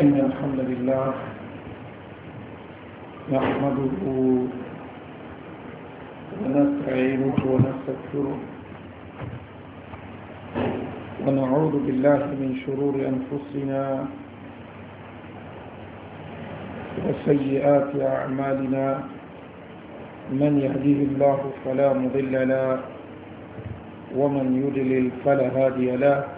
إن الحمد لله نحمده ونستعينه ونستغفره ونعوذ بالله من شرور أنفسنا وسيئات أعمالنا من يهديه الله فلا مضل له ومن يدلل فلا هادي له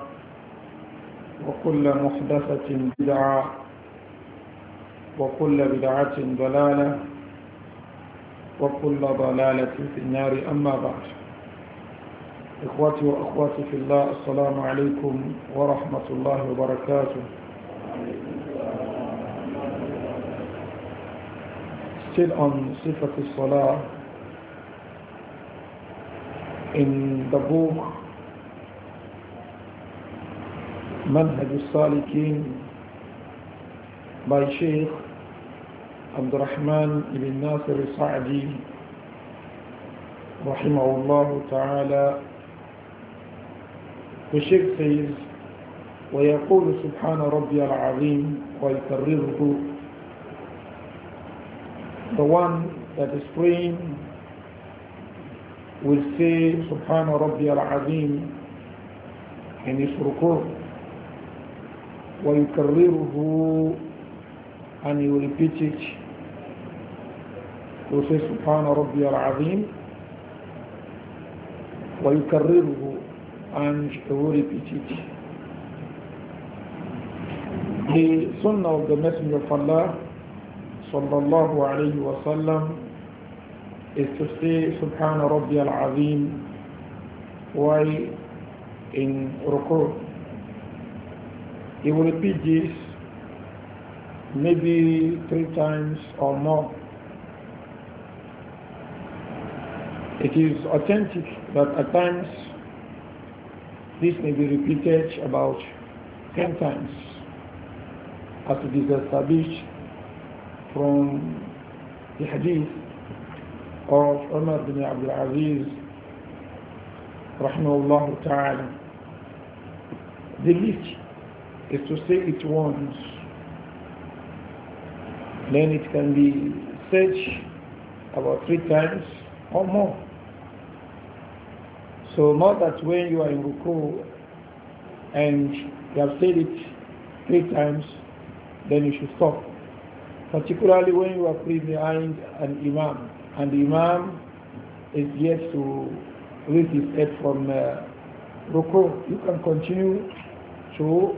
وكل محدثة بدعة وكل بدعة ضلالة وكل ضلالة في النار أما بعد إخوتي وأخواتي في الله السلام عليكم ورحمة الله وبركاته Still on صفة الصلاة in the book منهج الصالحين by Sheikh عبد الرحمن بن ناصر السعدي رحمه الله تعالى والشيخ سيد ويقول سبحان ربي العظيم ويكرره the one that is praying will say سبحان ربي العظيم in his record. ويكرره and he will repeat it will say سبحان ربي العظيم ويكرره and he will repeat it the sunnah of the messenger of Allah صلى الله عليه وسلم is to say سبحان ربي العظيم while in ruku' He will repeat this maybe three times or more. It is authentic that at times this may be repeated about 10 times as it is established from the hadith of Umar bin Abdul Aziz rahmahullah ta'ala. The list is to say it once. Then it can be said about three times or more. So not that when you are in ruku and you have said it three times, then you should stop. Particularly when you are behind an imam and the imam is yet to raise his head from uh, ruku, you can continue to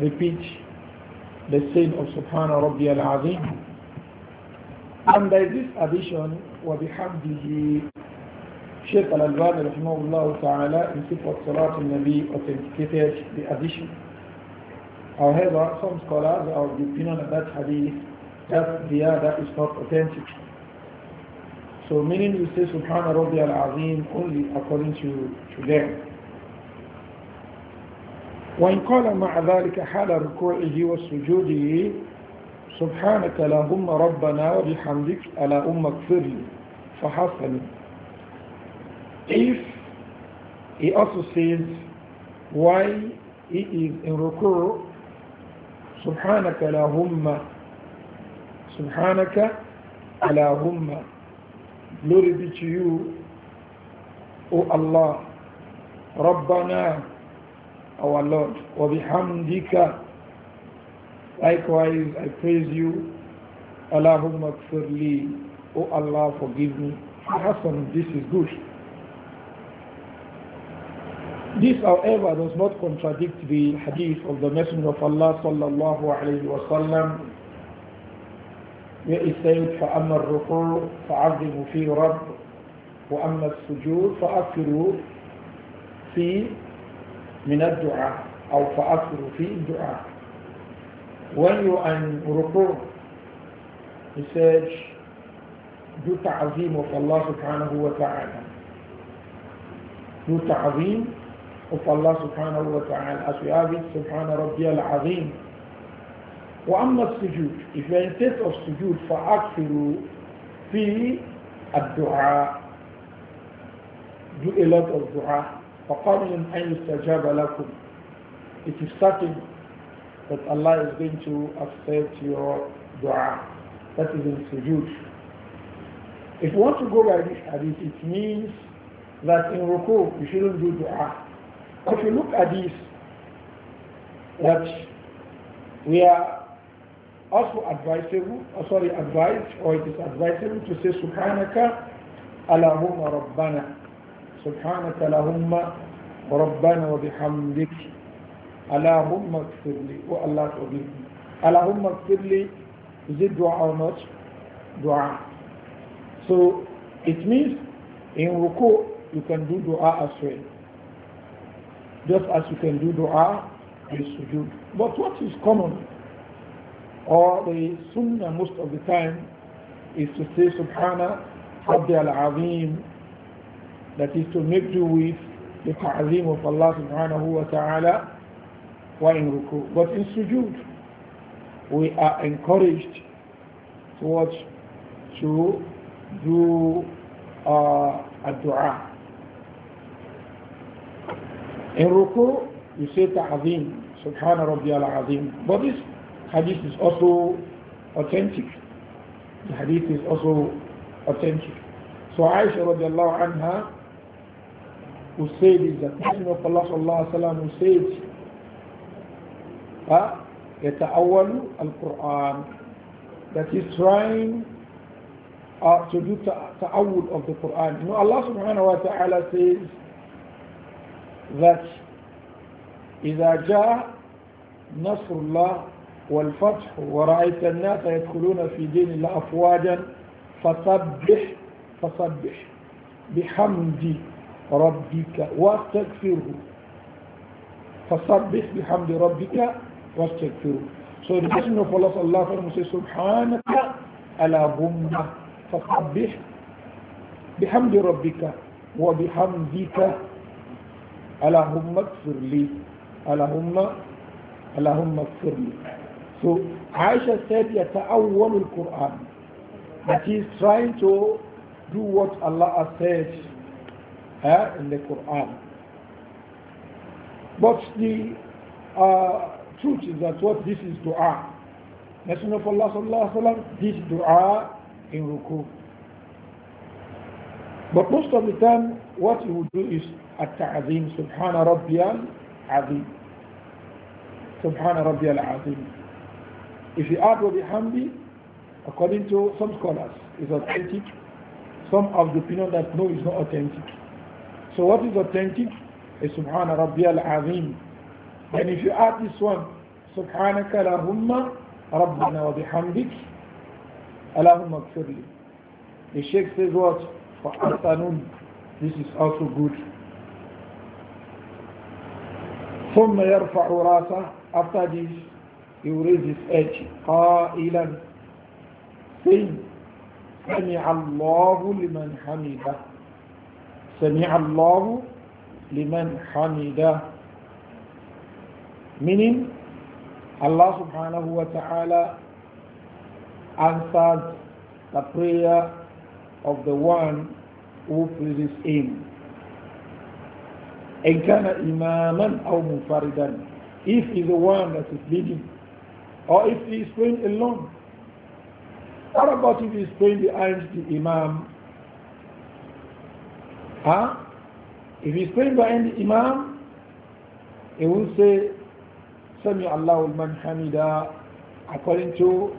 repeat the saying of Subhana Rabbi al Azim. And by this addition, وَبِحَمْدِهِ Shaykh Al-Albani rahimahullah ta'ala in Sifat Salat al-Nabi authenticated the addition. However, some scholars are of the opinion of that hadith that the other is not authentic. So meaning you say Subhana Rabbi al-Azim only according to, to them. وإن قال مع ذلك حال ركوعه وسجوده سبحانك اللهم ربنا وبحمدك ألا أم اغفر لي فحسن If he also says why he is in ركوع سبحانك اللهم سبحانك اللهم glory be to you O Allah ربنا our Lord. وَبِحَمْدِكَ Likewise, I praise you. Allahumma kfirli. Oh Allah, forgive me. Hassan, this is good. This, however, does not contradict the hadith of the Messenger of Allah sallallahu alayhi wa sallam where he said, فَأَمَّا الرُّقُوعُ فَعَظِّمُ فِي رَبِّ وَأَمَّا السُّجُودُ فَأَكِّرُوا فِي من الدعاء أو فأكثر في الدعاء when you are in ruku he said do ta'zim of Allah subhanahu wa ta'ala do ta'zim of Allah subhanahu wa as we have it subhana rabbiyal azim وأما السجود if you are in state of sujood فأكثروا في الدعاء do a lot of dua فَقَمْنُمْ أَنْ يُسْتَجَابَ لَكُمْ It is certain that Allah is going to accept your dua. That is in sujood. If you want to go by this hadith, it means that in ruku you shouldn't do dua. If you look at this, that we are also advisable, or uh, sorry, advised, or it is advisable to say Subhanaka Allahumma Rabbana. سبحانك اللهم ربنا وبحمدك اللهم اغفر لي والله oh, forgive اللهم اغفر لي is it dua or not dua so it means in ruku you can do dua as well just as you can do dua in sujood but what is common or the sunnah most of the time is to say subhana rabbi al-azim that is to make do with the ta'zim of Allah subhanahu wa ta'ala while in ruku. But in sujood, we are encouraged to watch, to do uh, a dua. In ruku, you say ta'zim, subhana rabbiyal azim. But this hadith is also authentic. The hadith is also authentic. So Aisha radiallahu anha who said is that Messenger of Allah sallallahu alaihi wasallam يتأول القرآن that he's trying uh, to do ta'awul of the Quran. You know, Allah subhanahu wa ta'ala says that إذا جاء نصر الله والفتح ورأيت الناس يدخلون في دين الله أفواجا فسبح فسبح بحمد ربك واستغفره فسبح بحمد ربك واستغفره So the Messenger of Allah sallallahu alayhi wa sallam سبحانك على بمة فسبح بحمد ربك وبحمدك اللهم اغفر لي اللهم اللهم اغفر لي So عائشة said يتأول القرآن that he is trying to do what Allah has said uh, in the Quran. But the uh, truth is that what this is dua. Messenger of Allah sallallahu wa wasallam this dua in ruku. But most of the time, what you would do is at-ta'zim, subhana rabbiyal azim. Subhana Al azim. If you add the Hamdi, according to some scholars, is authentic. Some of the opinion that no, is not authentic. So what is authentic is Subhana al Azim. And if you add this one, Subhanaka Allahumma Rabbana wa bihamdik Allahumma kfirli. The Sheikh says what? For afternoon, this is also good. ثم يرفع راسه after this he raises his head قائلا saying سمع الله لمن حمده سمع الله لمن حمده meaning Allah subhanahu wa ta'ala answered the prayer of the one who praises him إن كان إماما أو منفردا if he's the one that is leading or if he is praying alone what about if he is praying behind the imam Huh? If he's praying behind the Imam, he will say, Sami Allahu man hamida, according to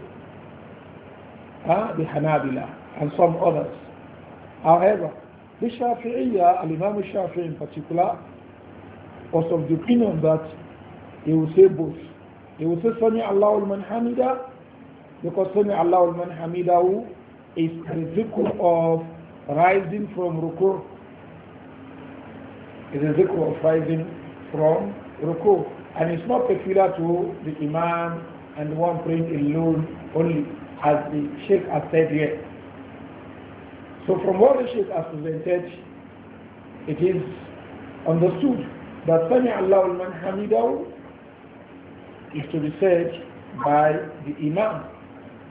huh, the Hanabila and some others. However, the Shafi'iyya, Al-Imam Shafi'i in particular, was of the opinion that he will say both. He will say Sami Allahu man hamida, because Sami Allahu man Hamida" is the zikr of rising from rukur is a zikr of rising from ruku. And it's not peculiar to the imam and the one praying alone only, as the sheikh has said here. So from what the sheikh has presented, it is understood that Sami Allah al-Man Hamidahu is to be said by the imam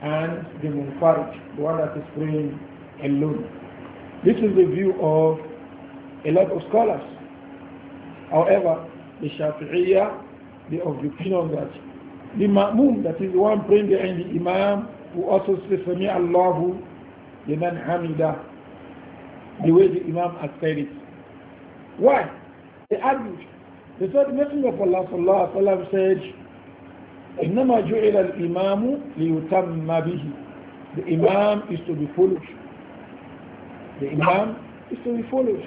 and the munfarid, the one that is praying alone. This is the view of a lot of scholars. However, the Shafi'iyya, they of the opinion that the ma'mum, that is the one praying behind the imam, who also says, Sami Allahu liman hamida, the way the imam has said it. Why? They argued. They said, the Messenger of Allah sallallahu alayhi wa sallam said, إنما جعل الإمام ليتم به The imam is to be followed. The imam is to be followed.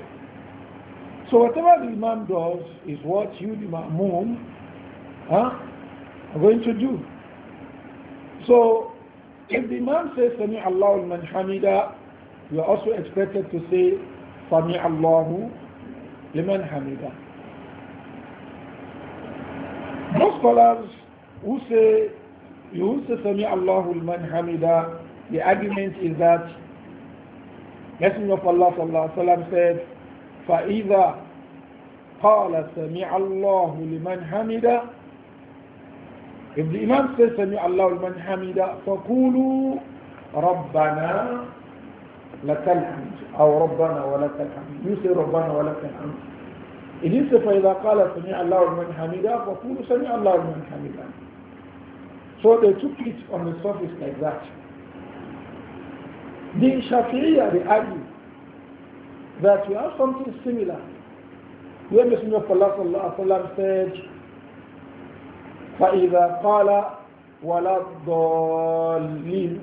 So whatever the Imam does is what you, the Ma'mum, huh, are going to do. So if the Imam says, Sami Allahu man hamida, you are also expected to say, Sami Allahu liman hamida. Most scholars who say, you say Sami Allahu liman hamida, the argument is that Messenger of Allah sallallahu alaihi wasallam said, فإذا قال سمع الله لمن حمد If the Imam says سمع الله لمن حمد فقولوا ربنا لك الحمد أو ربنا ولك الحمد يسر ربنا ولك الحمد إذن فإذا قال سمع الله لمن حمد فقولوا سمع الله لمن حمد So they took it on the surface like that. The Shafi'iyah, they argue that you have something similar. Where Messenger of Allah sallallahu wa wasallam said, فَإِذَا قَالَ وَلَا الضَّالِّينَ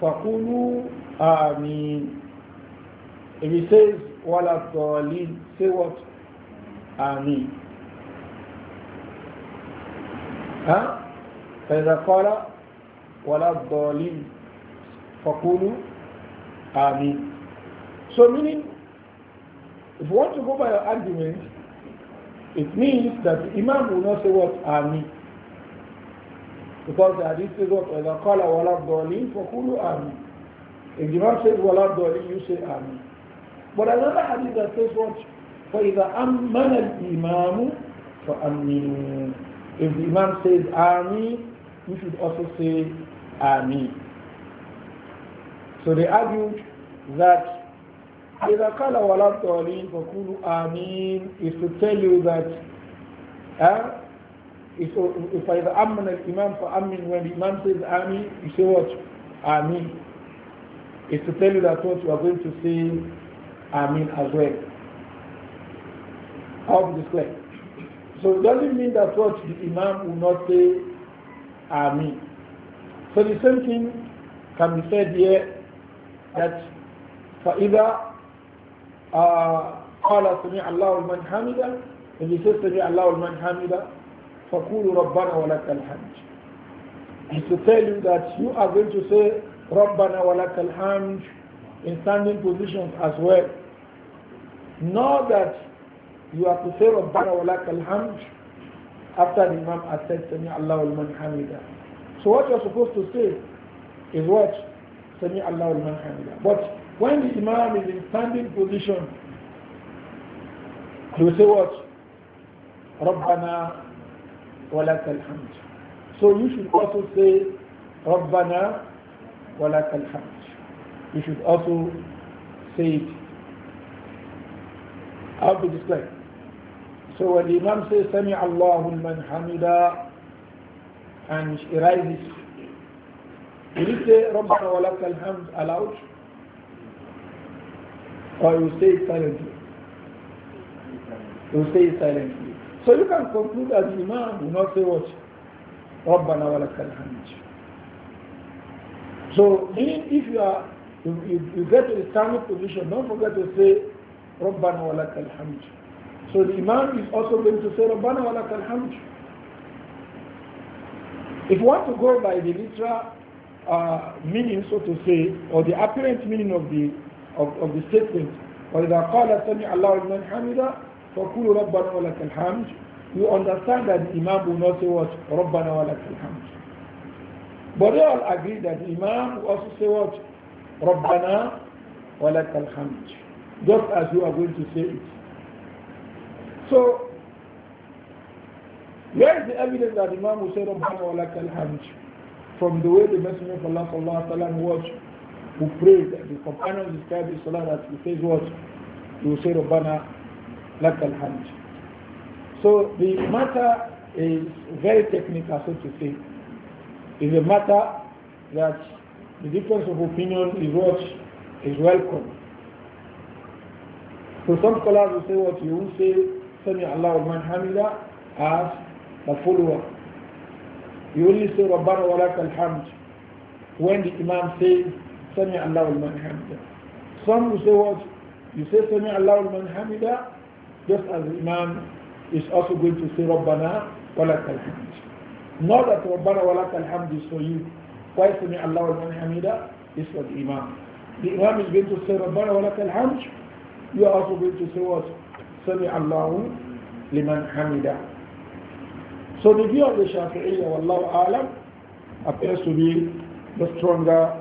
فَقُولُوا آمِينَ If he says, وَلَا الضَّالِينَ Say what? آمين ها؟ فإذا قال ولا الضالين فقولوا امين if he says ولا الضالين say what امين Huh? فاذا قال ولا الضالين فقولوا امين So meaning if you want to go by your argument, it means that the Imam will not say what Ami. Because the hadith says what whether qala wala dali for kulu Ami. If the Imam says wala dali, you say Ami. But another hadith that says what فإذا imam, for فأمنوا If the Imam says Ami, you should also say Ami. So they argued that إذا قال ولا الضالين فقولوا آمين is to tell you that uh, if, if I Imam for Amin, when the Imam says Amin, you say what Amin? is to tell you that what you are going to say Amin as well how this clear so it doesn't mean that what the Imam will not say Amin. so the same thing can be said here that for either. قال سمع الله لمن حمده if you say الله لمن حمده فقولوا ربنا ولك الحمد is to tell you that you are going to say ربنا ولك الحمد in standing positions as well not that you have to say ربنا ولك الحمد after the Imam has said سمع الله لمن حمده so what you're supposed to say is what سمع الله لمن حمده but when the Imam is in standing position, he will say what? Rabbana walakal So you should also say Rabbana walakal hamd. You should also say it. I'll How to describe? So when the Imam says Sami Allahu man hamida and he rises, will you say Rabbana walakal hamd aloud? Or you say it silently. You say it silently. So you can conclude that the Imam will not say what? رَبَّنَا وَلَكَ الْحَمْدِ So even if you are you, you, you get to the standing position, don't forget to say رَبَّنَا وَلَكَ الْحَمْدِ So the Imam is also going to say رَبَّنَا وَلَكَ الْحَمْدِ if you want to go by the literal uh, meaning, so to say, or the apparent meaning of the of, of the statement. وَإِذَا قَالَ سَمِعَ اللَّهُ لِمَنْ حَمِدًا فَقُولُوا رَبَّنَا وَلَكَ الْحَمْدُ You understand that the Imam will not say what? رَبَّنَا وَلَكَ الْحَمْدُ But they all agree that the Imam will also say what? رَبَّنَا وَلَكَ الْحَمْدُ Just as you are going to say it. So, where is the evidence that the Imam will say رَبَّنَا وَلَكَ الْحَمْدُ From the way the Messenger of Allah sallallahu alaihi wasallam watched who prayed, the companion described the salah that he says what? He will say, Rabbana, lakal hamd. So the matter is very technical, so to say. It's a matter that the difference of opinion is what is welcome. So some scholars will say what you will say, Sami Allah man hamida as the follower. You only say Rabbana wa lakal hamd when the Imam says Sami Allah al Some will say what? You say Sami Allah al Hamida, just as Iman is also going to say Rabbana walak al-Hamid. Not that Rabbana walak is for you. Why Sami Allah al-Man is for Iman. Imam. The Imam is going to say Rabbana walak You are also going to say what? Sami Allah liman hamida. So the view of the Shafi'iyya, Wallahu A'lam, appears to be the stronger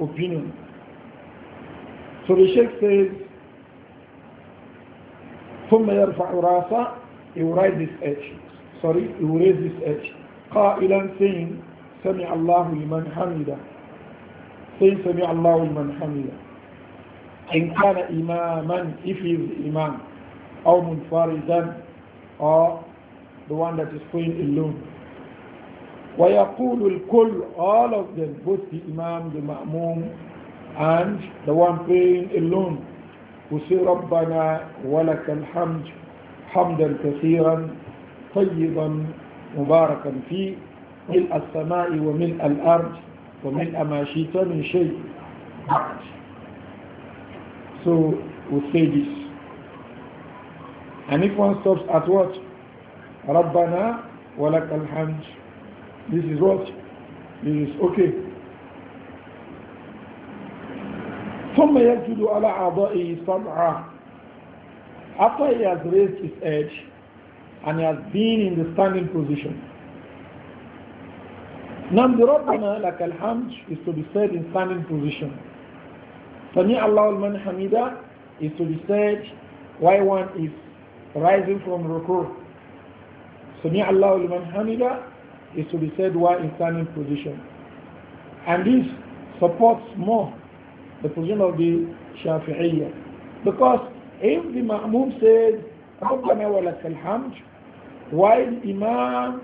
opinion. So the Sheikh says, ثم يرفع راسه he will raise his edge sorry he will raise his edge قائلا saying سمع الله لمن حمده saying سمع الله لمن حمده إن كان إماما if he is imam أو منفردا or the one that is praying alone وَيَقُولُ الْكُلُّ All of them, both the Imam, the Ma'mum, and the one praying alone, who say, رَبَّنَا وَلَكَ الْحَمْدُ حَمْدًا كَثِيرًا طَيِّبًا مُبَارَكًا فِيهِ ملء السماء وملء الأرض وملء ما شئت من شيء بعد So we say this. And if one stops at what? رَبَّنَا وَلَكَ الْحَمْدُ this is what this is okay ثم يسجد على أعضائه سبعة after he has raised his head and he has been in the standing position نعم بربنا لك الحمد is to be said in standing position سمع الله لمن حمده is to be said why one is rising from rukur سمع الله لمن حمده is to be said while in standing position. And this supports more the position of the Shafi'iyya. Because if the Ma'mum says, رَبَّنَا وَلَكَ while Imam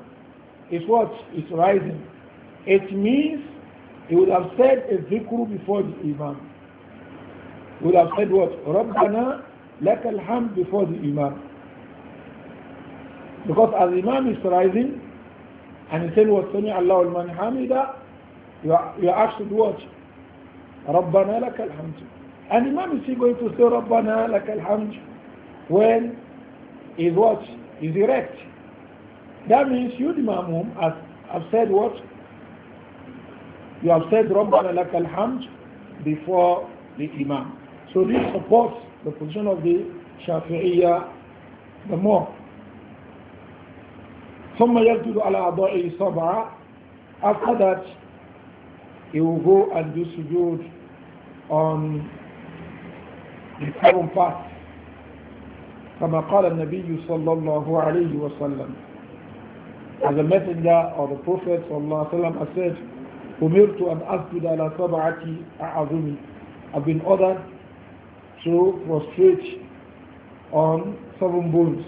is what? Is rising. It means he would have said a zikr before the Imam. He would have said what? رَبَّنَا لَكَ الْحَمْدُ before the Imam. Because as Imam is rising, and he said, وَالسَّمِعَ اللَّهُ لِمَنْ حَمِدًا You are, you are asked to do what? رَبَّنَا لَكَ الْحَمْدُ And Imam is he going to say, رَبَّنَا لَكَ الْحَمْدُ When is what? Is erect. That means you, the Imam, have said what? You have said, رَبَّنَا لَكَ الْحَمْدُ before the Imam. So this supports the position of the Shafi'iyah the more. ثم يسجد على أعضائه سبعة after that he will go and do sujood on the seven parts كما قال النبي صلى الله عليه وسلم as the messenger or the prophet صلى الله عليه وسلم has said أمرت أن أسجد على سبعة أعظم I've been ordered to prostrate on seven bones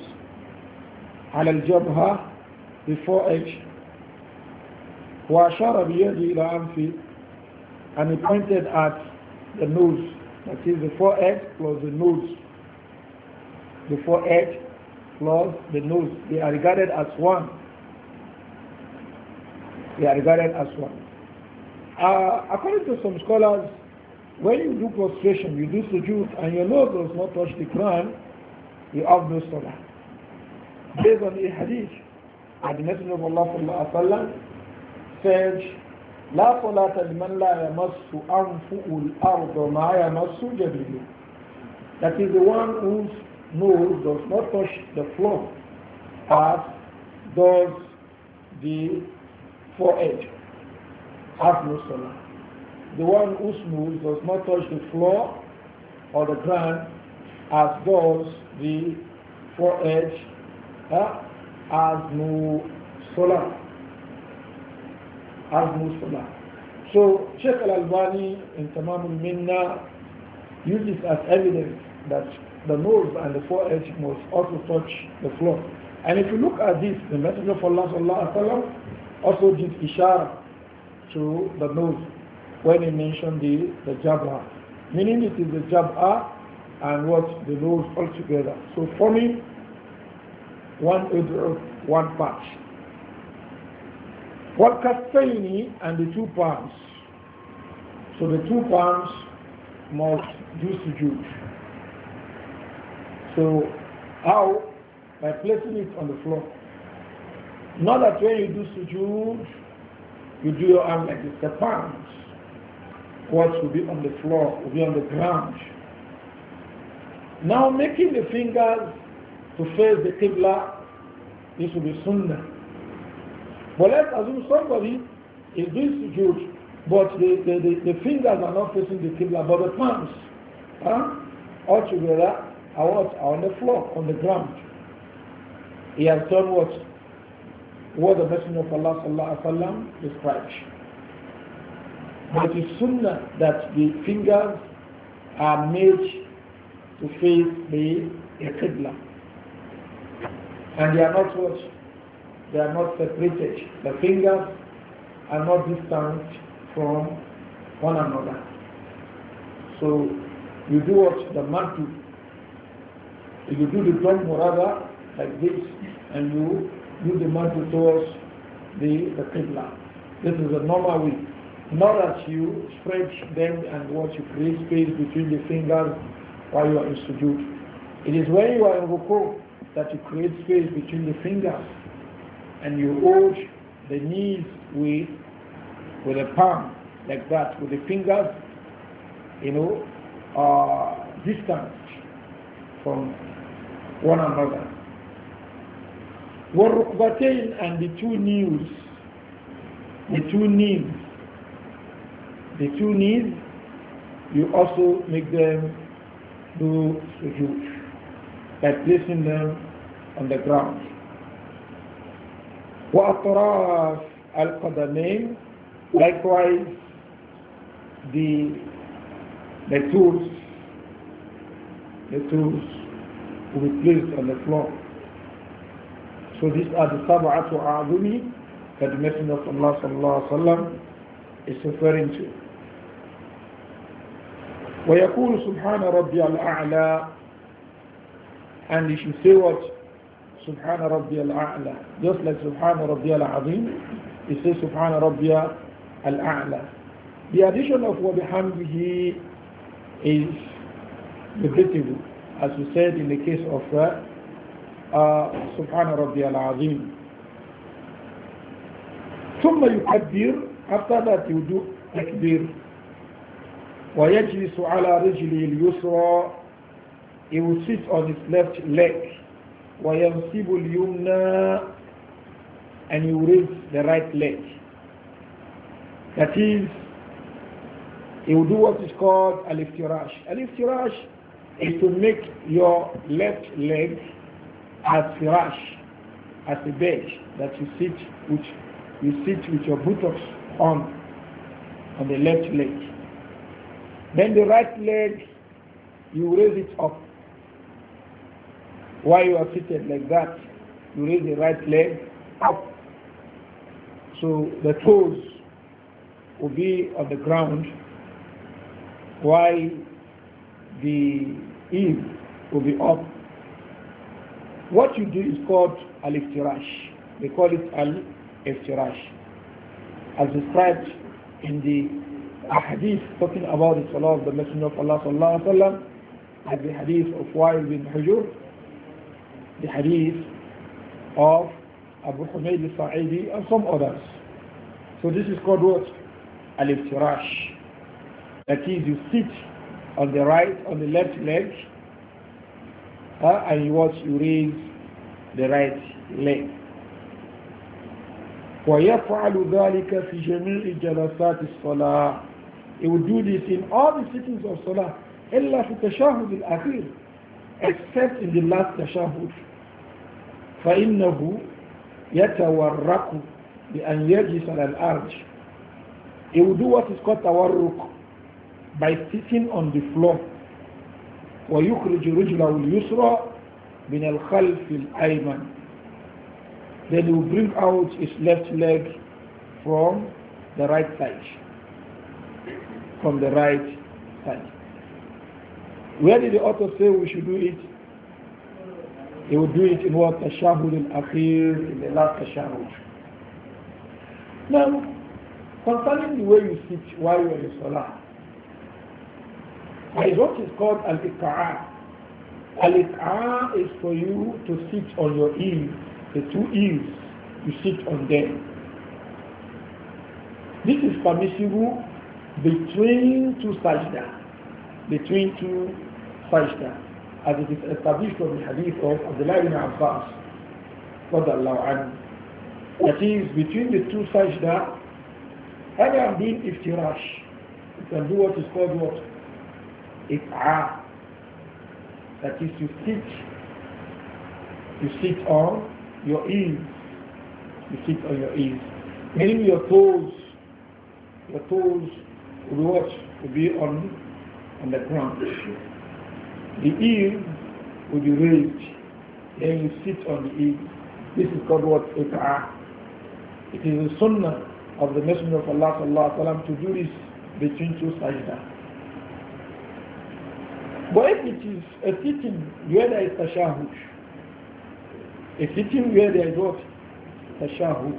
على الجبهة before H. وأشار بيده إلى أنفه and he pointed at the nose, that is the forehead plus the nose. The forehead plus the nose, they are regarded as one. They are regarded as one. Uh, according to some scholars, when you do prostration, you do sujood, and your nose does not touch the ground, you have no salah. Based on the hadith, and the Messenger of Allah sallallahu alaihi wasallam said, لا صلاة لمن لا يمس أنفه الأرض ما يمس جبينه. That is the one whose nose does not touch the floor as does the forehead. Has no salah. The one whose nose does not touch the floor or the ground as does the forehead. Huh? As mu solar. as mu solar. So Sheikh Al-Albani in Tamam al-Minna uses as evidence that the nose and the forehead must also touch the floor. And if you look at this, the Messenger of Allah sallallahu also did ishara to the nose when he mentioned the, the jabra, Meaning it is the jabra and what the nose altogether. So for me one udr, one patch. one kafaini and the two palms. So the two palms must do sujood. So how? By placing it on the floor. Not that when you do sujood, you do your arm like this. The palms, what will be on the floor, will be on the ground. Now making the fingers to face the Qibla, this will be Sunnah. But let's assume somebody is doing sujood, but the, the, the, the, fingers are not facing the Qibla, but the palms huh, all together are, what, are on the floor, on the ground. He has done what? What the Messenger of Allah sallallahu alaihi wasallam described. But it is sunnah that the fingers are made to face the Qibla. And they are not what? They are not separated. The fingers are not distant from one another. So you do what the man do. You do the drum rather like this and you do the man towards the, the Qibla. This is a normal way. Not that you stretch them and what you create space between the fingers while you are in sujood. It is when you are in ruku that you create space between the fingers and you hold the knees with with a palm like that with the fingers you know uh, distant from one another والركبتين and the two knees the two knees the two knees you also make them do sujood by placing them on the ground. وأطراف القدمين likewise the the tools the tools will be placed on the floor. So these are the sab'atu a'adumi that the Messenger of Allah sallallahu alaihi wasallam is referring to. ويقول سبحان ربي الأعلى and you should say what? Subhana al A'la. Just like Subhana al Azim, you say Subhana al A'la. The addition of wa bihamdihi is debatable, as we said in the case of uh, uh, Subhana Rabbiyal Azim. ثم يكبر after that you do takbir ويجلس على رجلي اليسرى he will sit on his left leg وَيَنْصِبُ الْيُمْنَى and he will raise the right leg that is he will do what is called a iftirash al-iftirash is to make your left leg as firash as a bed that you sit with you sit with your buttocks on on the left leg then the right leg you raise it up while you are seated like that, you raise the right leg up. So the toes will be on the ground while the heel will be up. What you do is called al-iftirash. They call it al-iftirash. As described in the hadith talking about the salah of the Messenger of Allah sallallahu wasallam, the hadith of Wa'il bin Hujur, the hadith of Abu Humayd al-Sa'idi and some others. So this is called what? Al-Iftirash. That is, you sit on the right, on the left leg, uh, and you watch, you raise the right leg. ويفعل ذلك في جميع جلسات الصلاة. He would do this in all the sittings of Salah. إلا في التشهد الأخير except in the last tashahud. فإنه يتورق بأن يجلس على He will do what is called tawarruk by sitting on the floor. ويخرج رجله اليسرى من الخلف الأيمن. Then he will bring out his left leg from the right side. From the right side. Where did the author say we should do it? He would do it in what? Tashahud al-Akhir, in the last Tashahud. Now, concerning the way you sit while you are in Salah, there is what is called al-Iqa'a. Al-Iqa'a is for you to sit on your ears, the two ears, you sit on them. This is permissible between two sajda, between two sajda as it is established from the hadith of Abdullah ibn Abbas anhu. that is between the two sajda any of them iftirash you can do what is called what? It'a that is you sit you sit on your ears you sit on your ears meaning your toes your toes will be what? will be on on the ground the eel will be raised, then you sit on the eel. This is called what? Ika'ah. It is the sunnah of the Messenger of Allah sallallahu alayhi wa to do this between two sajda. But if it is a sitting where there is tashahud, a sitting where there is what? Tashahud.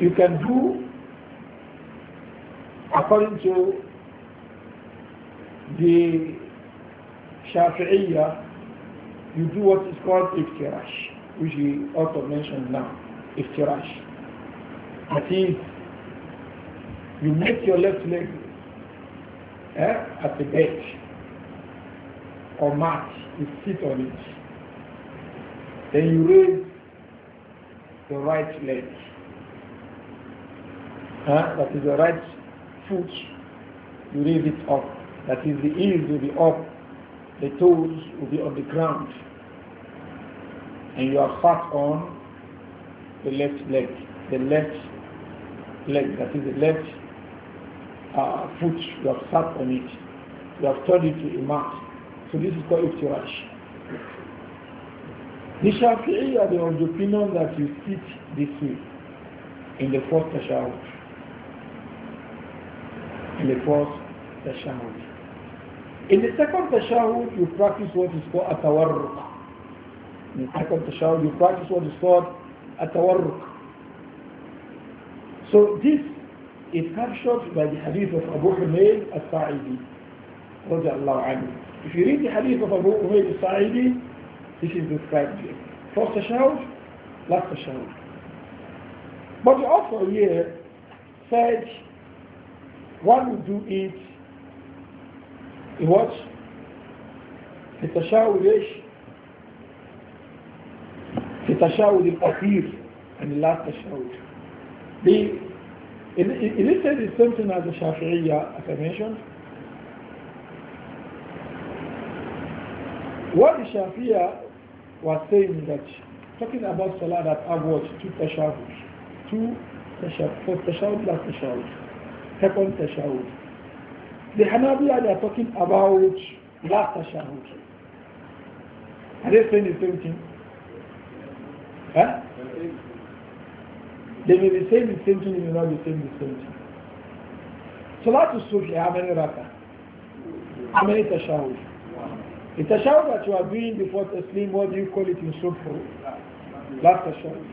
You can do according to the Shafi'iyya, you do what is called iftirash, which we also mentioned now, iftirash. That is, you make your left leg eh, at the bed or mat, you sit on it. Then you raise the right leg. Eh, that is the right foot, you raise it up that is, the heels will be up, the toes will be on the ground, and you are sat on the left leg, the left leg, that is the left uh, foot, you have sat on it, you have turned it to a mat. So this is called iftirash. The Shafi'i are of the opinion that you sit this way in the fourth tashahud. In the fourth tashahud. In the second tashahud, you practice what is called atawarruq. In the second tashahud, you practice what is called atawarruq. So this is captured by the hadith of Abu Humayl al-Sa'idi. If you read the hadith of Abu Humayl al-Sa'idi, this is described here. First tashahud, last tashahud. But the author here said one would do it في what? في التشاؤل ايش؟ في التشاؤل الأخير and the last تشاؤل the it, it, it said the same thing as the Shafi'iyya as I mentioned what the Shafi'iyya was saying that talking about Salah that I've watched two tashahud two tashahud first tashahud last tashahud second tashahud the Hanabiya, they are talking about last tashahud. Are they saying the same thing? Huh? They may be saying the same thing, they may not be saying the same thing. So last sufi how many raka? How many tashahud? The tashahud that you are doing before Taslim, what do you call it in Sufi? Last tashahud.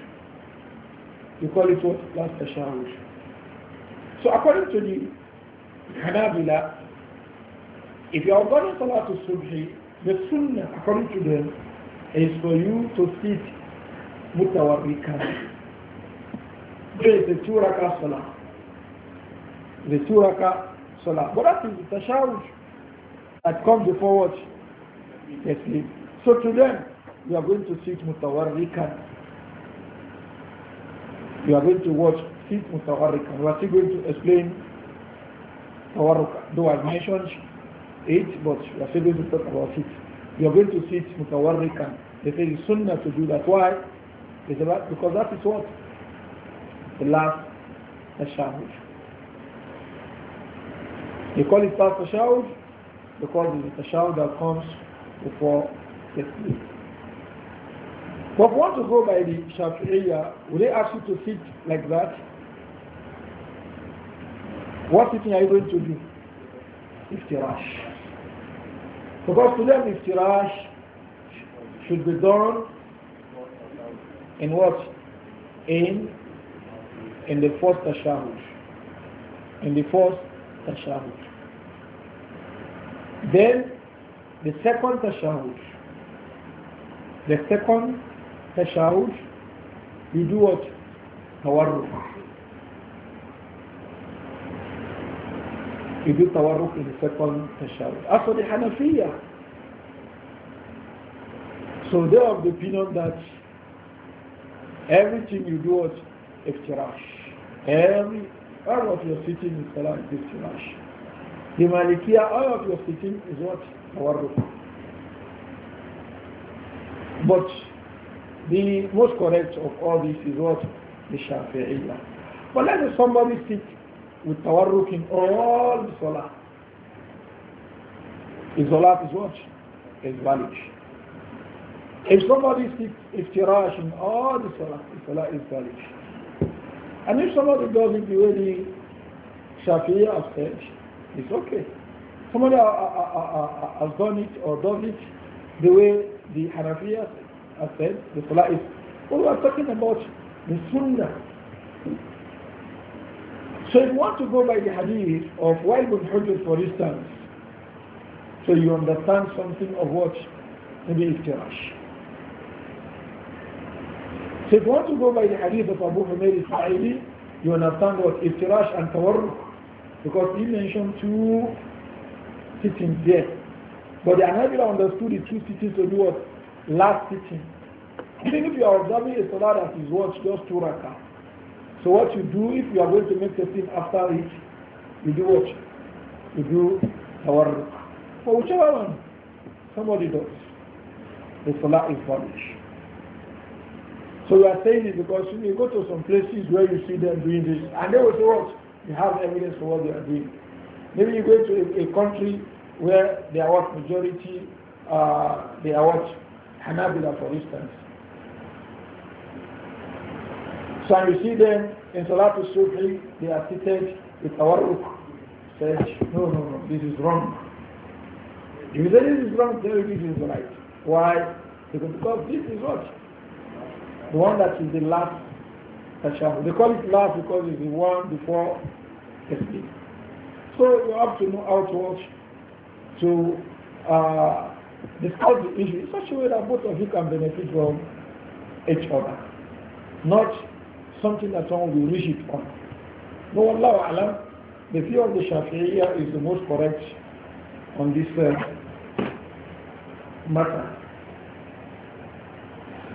You call it what? Last tashahud. So according to the Hanabila, if you are going to Salat al-Subhi, the Sunnah, according to them, is for you to sit mutawarrikan. There is the two raka salah. The two raka salah. But that is the tashawuj that comes before what? The sleep. So to them, you are going to sit mutawarrikan. You are going to watch sit mutawarrikan. We are still going to explain mutawarruka. Though I've mentioned it, but we are still going to talk about it. You are going to sit it mutawarrika. They say it's sunnah to do that. Why? Because that is what? The last tashahud. They call it last tashahud because it's the tashahud that comes before the sleep. But if you want to go by the area? will they ask you to sit like that? What teaching are you going to do? Iftirash. Because to them iftirash should be done in what? In in the first tashahud. In the first tashahud. Then the second tashahud. The second tashahud, you do what? Tawarruf. you do tawarruk in the second tashahud. As for the Hanafiya, so they have the opinion that everything you do is iftirash. Every, all of your sitting is salah is iftirash. The Malikiya, all of your sitting is what? Tawarruk. But the most correct of all this is what? The Shafi'iyah. But let somebody sit with tawarruk in all the salah. His salah is what? Is valid. If somebody speaks iftirash in all the salah, the salah is valid. And if somebody does it the way the Shafi'i has said, it's okay. Somebody has done it or does it the way the Hanafiya has said, the salah is. What we are talking about, the sunnah. So if you want to go by the hadith of Wail bin Hujr, for instance, so you understand something of what maybe iftirash. So if you want to go by the hadith of Abu Humayr Sa'idi, you understand what iftirash and tawarruk, because he mentioned two sittings there. But the Anabila understood the two sittings to do what? Last sitting. Even if you are observing a salah that is what? Just two rakah. So what you do if you are going to make a film after it, you do what? You do our for whichever one somebody does. The salah is vanished. So we are saying it because you go to some places where you see them doing this and they will say what? You have evidence for what they are doing. Maybe you go to a, a country where they are what majority uh, they are what Hanabila for instance time you see them in Salatul Subhi, they are seated with our Say, no, no, no, this is wrong. If you say this is wrong, tell me this is right. Why? Because, because this is what? The one that is the last tashahud. They call it last because it's the one before the sleep. So you have to know how to watch to uh, discuss the issue in such a way that both of you can benefit from each other. Not something that one will reach it on. No, Allah Alam, the view of the Shafi'iyya is the most correct on this uh, matter.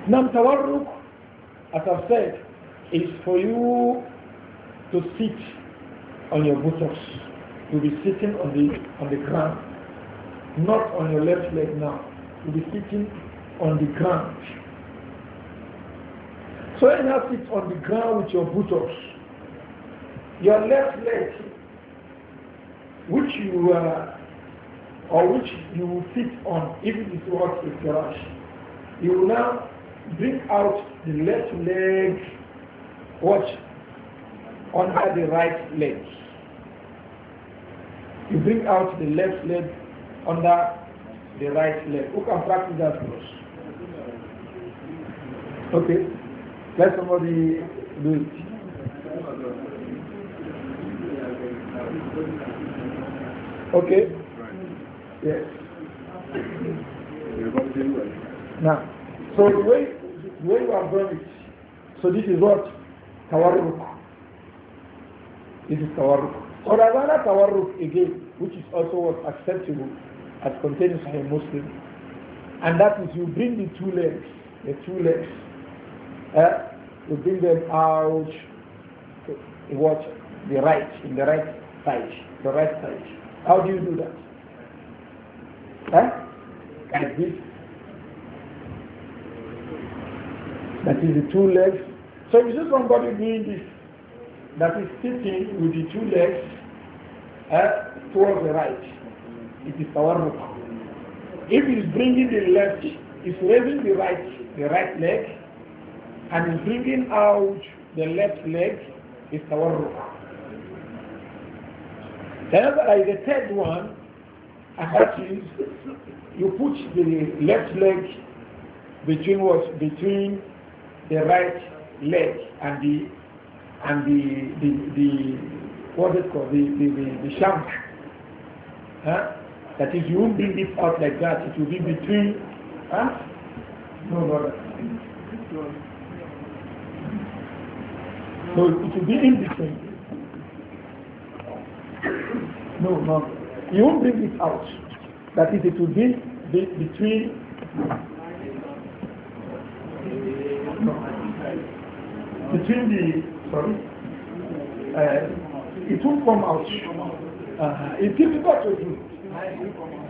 Nam Tawarruk, as I've said, is for you to sit on your buttocks. You'll be sitting on the, on the ground, not on your left leg now. You'll be sitting on the ground. So you now sit on the ground with your buttocks. Your left leg, which you uh, or which you will sit on even if you it is what is firash, you will now bring out the left leg, watch, under the right leg. You bring out the left leg under the right leg. Who can practice that first? Okay. Let somebody do it. Okay? Yes. Now, so the way, the way you are doing it, so this is what? Tawarruk. This is Tawarruk. Or another Tawarruk again, which is also what acceptable as contained a Muslim. And that is you bring the two legs, the two legs to eh? we bring them out to watch the right, in the right page, the right page. How do you do that? Eh? Like this. That is the two legs. So you see somebody doing this, that is sitting with the two legs eh, towards the right, it is our tawarruk. If he is bringing the left, is raising the right, the right leg, and bringing out the left leg is tawarruk. Another is the third one, and that is you put the left leg between what between the right leg and the and the the, the what is called the the, the, the shank. Huh? That is you won't bring it out like that, it will be between huh? No, no. No, it will be in between. No, no. You won't bring it out. That is, it will be, be between. No. Between the. Sorry? Uh, it won't come out. Uh, it's difficult to do.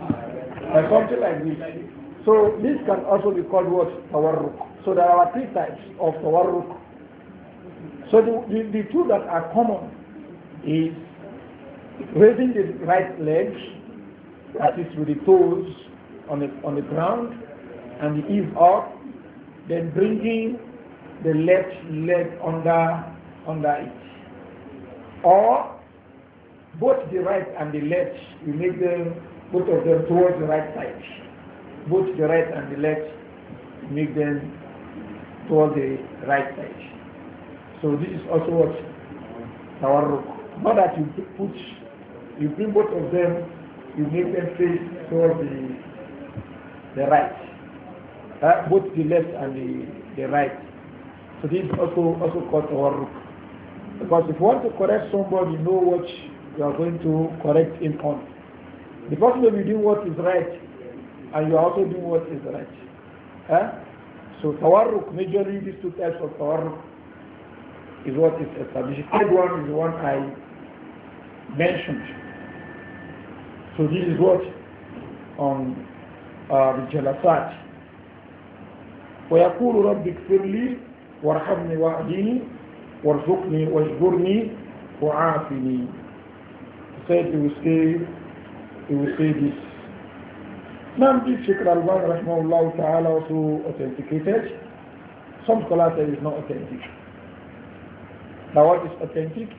Uh, something like this. So this can also be called what? Tawarruk. So there are three types of tawarruk. So the, the, the two that are common is raising the right leg, that is with the toes on the, on the ground and the heel up, then bringing the left leg under, under it. Or both the right and the left, you make them, both of them towards the right side. Both the right and the left, make them towards the right side. So this is also what rock. Now that you put, you bring both of them, you make them face towards the the right, uh, both the left and the, the right. So this is also also called rock. Because if you want to correct somebody, you know what you are going to correct him on. The person will be doing what is right, and you are also doing what is right. so So tawarruk, majorly these two types of tawarruk is what is established. The third one is the one I mentioned. So this is what on uh, the Jalasat. ويقول رب اغفر لي وارحمني واهدني وارزقني واجبرني وعافني. He said he will say, he will say this. Now this Sheikh Al-Ban rahmahullah ta'ala also authenticated. Some scholars say it's not authentic. Now what is authentic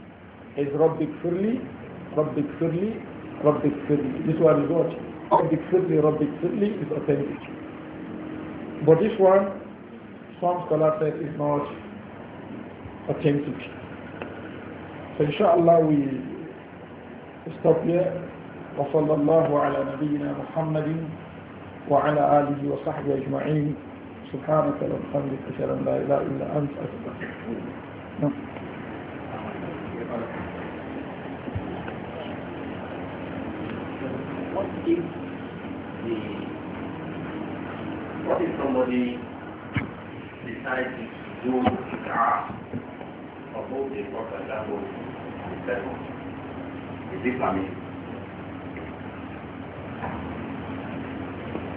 is Rabbi Firli, Rabbi Firli, Rabbi Firli. This one is what? Rabbi Firli, Rabbi Firli is authentic. But this one, some scholars said, is not authentic. So inshallah we stop here. وصلى الله على نبينا محمد وعلى آله وصحبه أجمعين سبحانك اللهم وبحمدك أشهد أن لا إله إلا أنت أستغفرك the what if somebody decides to do car for both the first and the second? Is it permitted?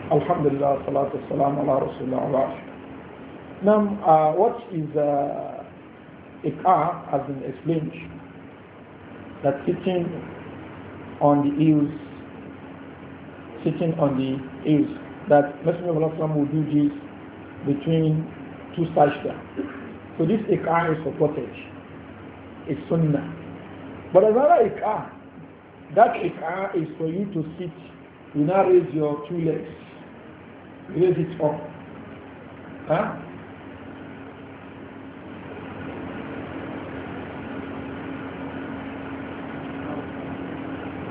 Alhamdulillah, salatu salam ala rasulullah Now, uh, what is uh, ik'ah has been explained that sitting on the heels sitting on the eaves. That Messenger of Allah will do this between two sajda. So this ikah is portage. It's sunnah. But another ikah, that ikah is for you to sit. You now raise your two legs. Raise it up. Huh?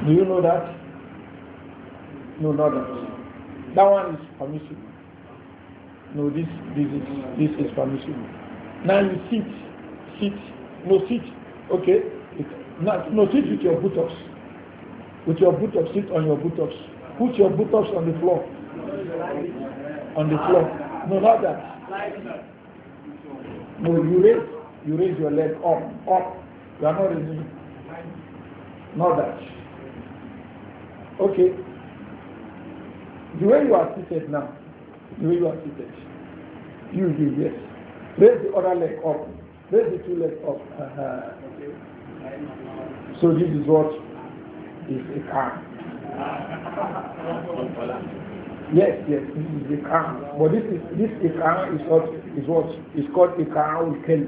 Do you know that? No, not that. That one is permissible. No, this this is this is permissible. Now you sit, sit, no sit, okay. It, not, no sit with your buttocks. With your buttocks, sit on your buttocks. Put your buttocks on the floor. On the floor. No, not that. No, you raise you raise your leg up, up. You are not raising. Not that. Okay. The way you are seated now, the way you are seated, you do this. Raise the other leg up. Raise the two legs up. Uh -huh. So this is what is a calm. Yes, yes, this is a calm. But this is this ikram is what is what is called ikram kill.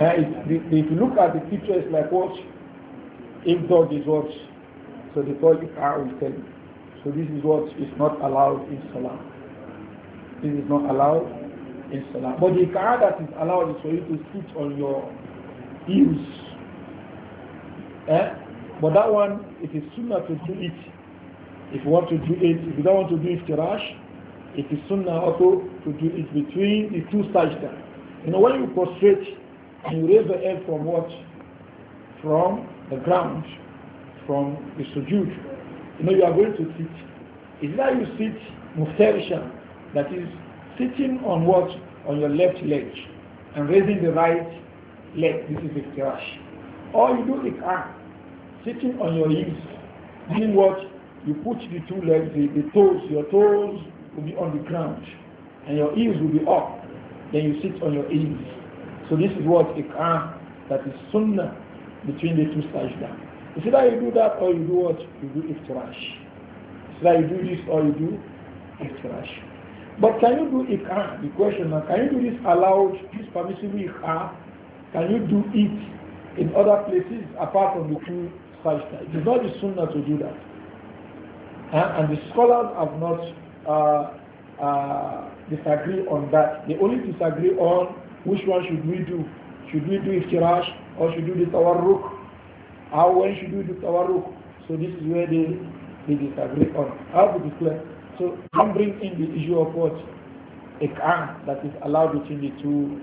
Uh, if, if you look at the picture, it's like what if is what so they call it A'ul So this is what is not allowed in Salah. This is not allowed in Salah. But the car that is allowed is for you to sit on your heels. Eh? But that one, it is sunnah to do it. If you want to do it, if you don't want to do it firash, it is sunnah also to do it between the two sajda. You know, when you prostrate and you raise the head from what? From the ground, from the sujood. You know, you are going to sit. Is that you sit muftarishan, that is sitting on what? On your left leg and raising the right leg. This is iftirash. Or you do ik'ah, sitting on your heels, meaning what? You put the two legs, the, the toes, your toes will be on the ground and your heels will be up. Then you sit on your heels. So this is what ik'ah that is sunnah between the two sajdah. It's either you do that or you do what? You do iftirash. It's either you do this or you do iftirash. But can you do ikah? The question now, can you do this allowed, this permissible ikah? Can you do it in other places apart from the two sajda? It is not the sunnah to do that. Uh, and the scholars have not uh, uh, disagreed on that. They only disagree on which one should we do. Should we do iftirash or should we do the tawarruk? How, when should you do tawarruk? So this is where they, they disagree on. How to declare? So I'm bring in the issue of what? can that is allowed between the two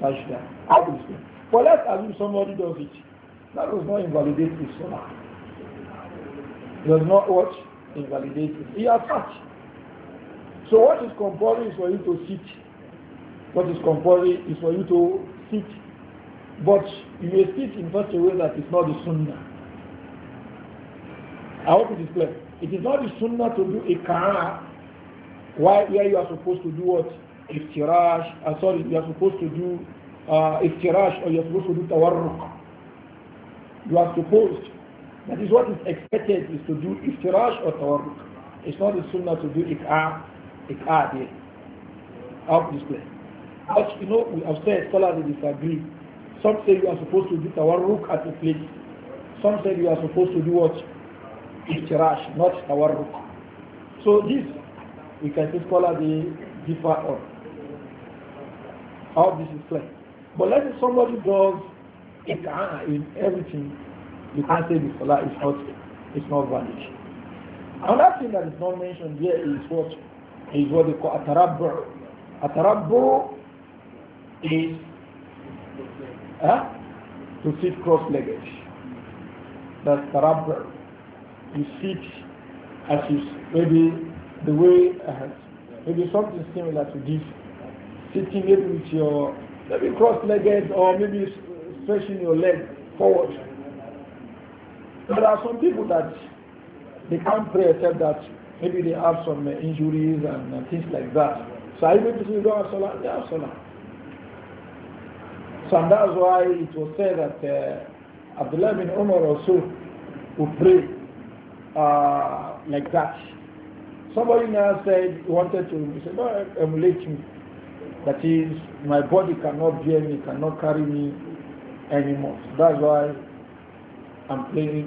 sajda. How to declare? But let's assume somebody does it. That does not invalidate his salah. Does not what? Invalidate it. He has touched. So what is compulsory is for you to sit. What is compulsory is for you to sit. But you may speak in such a way that it's not the sunnah. I hope it is clear. It is not the sunnah to do a ka'a why where you are supposed to do what? Iftirash, uh, sorry, you are supposed to do uh, iftirash or you are supposed to do tawarruq. You are supposed, that is what is expected is to do iftirash or tawarruq. It's not the sunnah to do ik'a, ik'a I hope it is clear. But you know, we have said scholars disagree some say you are supposed to do tawarruk at the place. Some say you are supposed to do what? Iftirash, not tawarruk. So this, we can say it the differ on. How this is clear. But let's say somebody does in everything, you can't say the salah is not, it's not valid. Another thing that is not mentioned here is what is what they call atarabbu. Atarabbu is huh? to sit cross-legged. That's tarabra. You sit as you, maybe the way, uh, maybe something similar to this. Sitting maybe with your, maybe cross-legged or maybe stretching your leg forward. There are some people that they can't pray except that maybe they have some uh, injuries and uh, things like that. So even if you don't have salah, they have salah. So and that's why it was said that uh, Abdullah bin Umar also would pray uh, like that. Somebody now said, wanted to he said, no, emulate me. That is, my body cannot bear me, cannot carry me anymore. So that's why I'm playing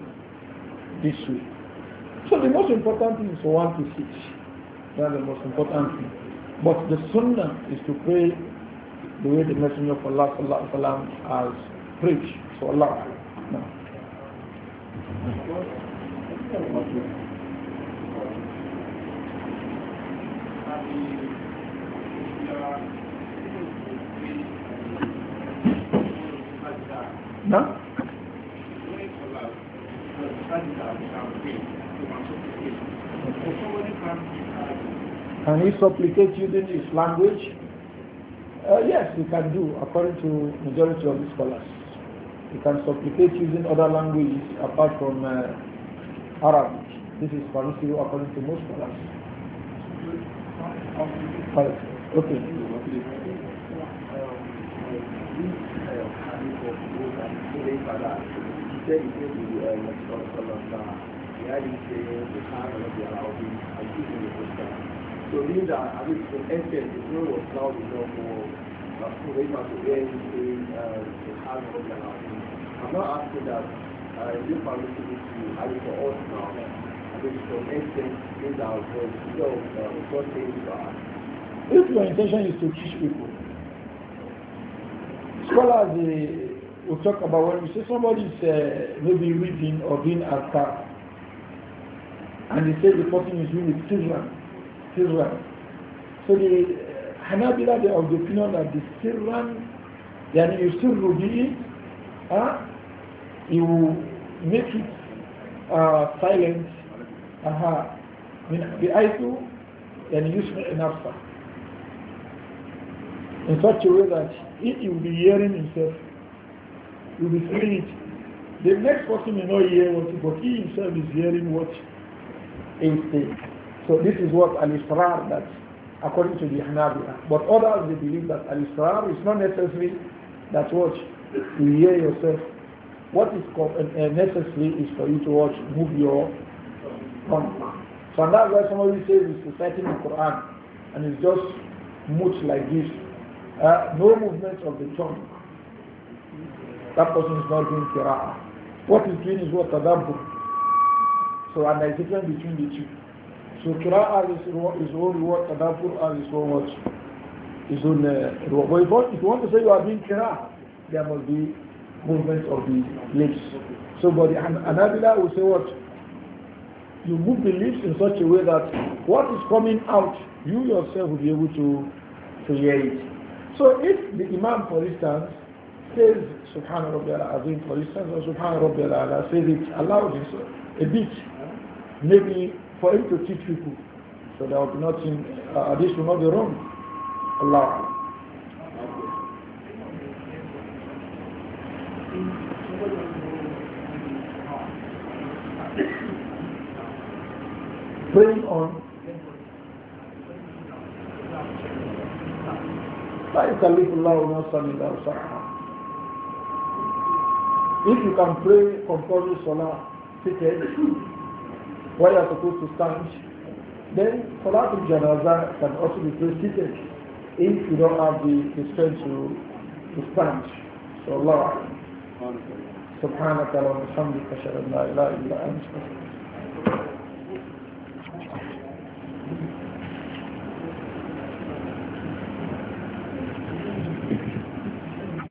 this way. So the most important thing is one to six. That's the most important thing. But the sunnah is to pray the way the Messenger of Allah sallallahu sallam, has preached. So Allah. No. No? Can he supplicate in his language? Uh, yes, you can do, according to majority of the scholars. You can supplicate using other languages apart from uh, Arabic. This is permissible according to most scholars. Okay. okay. So meaning that at least from ancient, the snow was loud enough for uh, for Rayman uh, to hear him saying uh, the hand of the I'm not asking that uh, is it permissible to have it for us now? At least from ancient, means our voice, so uh, God saying to If your intention is to teach people, scholars they eh, will talk about when we say somebody is uh, maybe reading or doing a and they say the person is doing children sirran. So the uh, Hanabila, they are of the opinion that the sirran, still yusirru it, huh? you make it uh, silent, aha, uh-huh. من then يعني يسمع نفسه. In such a way that he will be hearing himself, you will be feeling it. The next person may not hear what, but he himself is hearing what he is saying. So this is what al-israr that according to the Hanabiya. But others they believe that al-israr is not necessary that what to hear yourself. What is uh, uh, necessary is for you to watch, move your tongue. So that's why somebody says he's reciting the Quran and it's just much like this. Uh, no movement of the tongue. That person is not doing qira'ah. What he's doing is what tadabbur. So and there's difference between the two. So Qira'ah is, is own reward, and is own what? Is own uh, But if you want to say you are being kira, there must be movement of the lips. So but and Anabila will say what? You move the lips in such a way that what is coming out, you yourself will be able to, to hear it. So if the Imam, for instance, says Subhana Rabbil Azim, for instance, or Subhana Rabbil Ala, says it, allows it a bit, maybe for him to teach people. So there will be nothing, uh, this will not be wrong. Allah. Praying on لا يكلف الله نفسا الا وسعها if you can pray compose, salah seated where you are supposed to stand, then Salatul Janaza can also be proceeded if you don't have the, the strength to, to stand. So Allah سبحانك wa وبحمدك اشهد ان لا اله الا انت